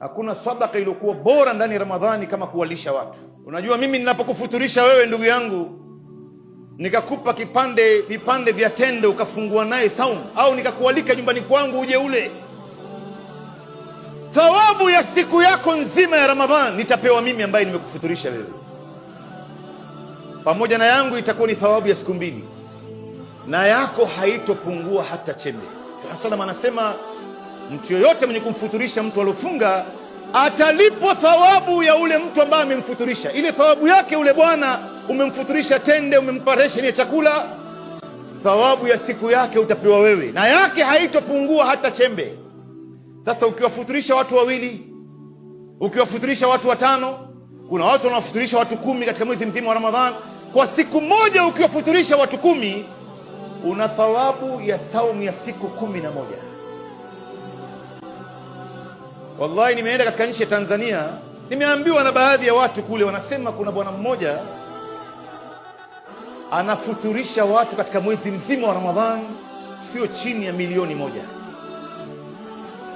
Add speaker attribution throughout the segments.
Speaker 1: Hakuna sadaka iliyokuwa bora ndani ya Ramadhani kama kuwalisha watu. Unajua, mimi ninapokufuturisha wewe ndugu yangu, nikakupa kipande vipande vya tende ukafungua naye saumu, au nikakualika nyumbani kwangu uje ule, thawabu ya siku yako nzima ya Ramadhani nitapewa mimi ambaye nimekufuturisha wewe, pamoja na yangu itakuwa ni thawabu ya siku mbili, na yako haitopungua hata chembe. Anasema Mtu yoyote mwenye kumfuturisha mtu aliofunga atalipwa thawabu ya ule mtu ambaye amemfuturisha. Ile thawabu yake ule bwana umemfuturisha tende, umempa resheni ya chakula, thawabu ya siku yake utapewa wewe, na yake haitopungua hata chembe. Sasa ukiwafuturisha watu wawili, ukiwafuturisha watu watano, kuna watu wanawafuturisha watu kumi katika mwezi mzima wa ramadhan Kwa siku moja ukiwafuturisha watu kumi, una thawabu ya saumu ya siku kumi na moja. Wallahi, nimeenda katika nchi ya Tanzania, nimeambiwa na baadhi ya watu kule, wanasema kuna bwana mmoja anafuturisha watu katika mwezi mzima wa Ramadhani sio chini ya milioni moja.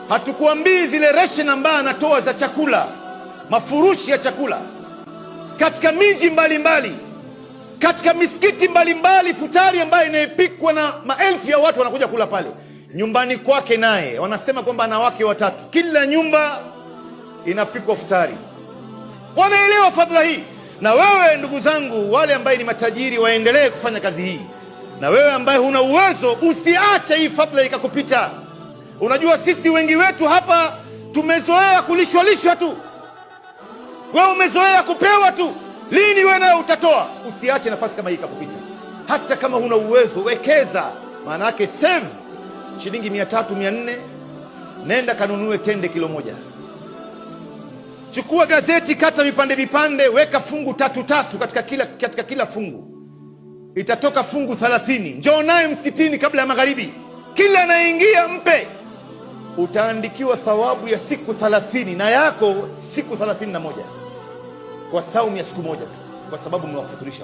Speaker 1: Hatukuambii zile ration ambayo anatoa za chakula, mafurushi ya chakula katika miji mbalimbali, katika misikiti mbalimbali, futari ambayo inayepikwa na maelfu ya watu wanakuja kula pale nyumbani kwake naye, wanasema kwamba ana wake watatu, kila nyumba inapikwa futari. Wameelewa fadhila hii. Na wewe ndugu zangu, wale ambaye ni matajiri waendelee kufanya kazi hii, na wewe ambaye huna uwezo usiache hii fadhila ikakupita. Unajua, sisi wengi wetu hapa tumezoea kulishwalishwa tu, wewe umezoea kupewa tu. Lini wewe nawe utatoa? Usiache nafasi kama hii ikakupita. Hata kama huna uwezo, wekeza, maana yake save shilingi mia tatu mia nne nenda kanunue tende kilo moja, chukua gazeti, kata vipande vipande, weka fungu tatu tatu katika kila, katika kila fungu, itatoka fungu thalathini. Njoo naye msikitini kabla ya magharibi, kila anayeingia mpe, utaandikiwa thawabu ya siku thalathini na yako siku thalathini na moja kwa saumu ya siku moja tu, kwa sababu mmewafuturisha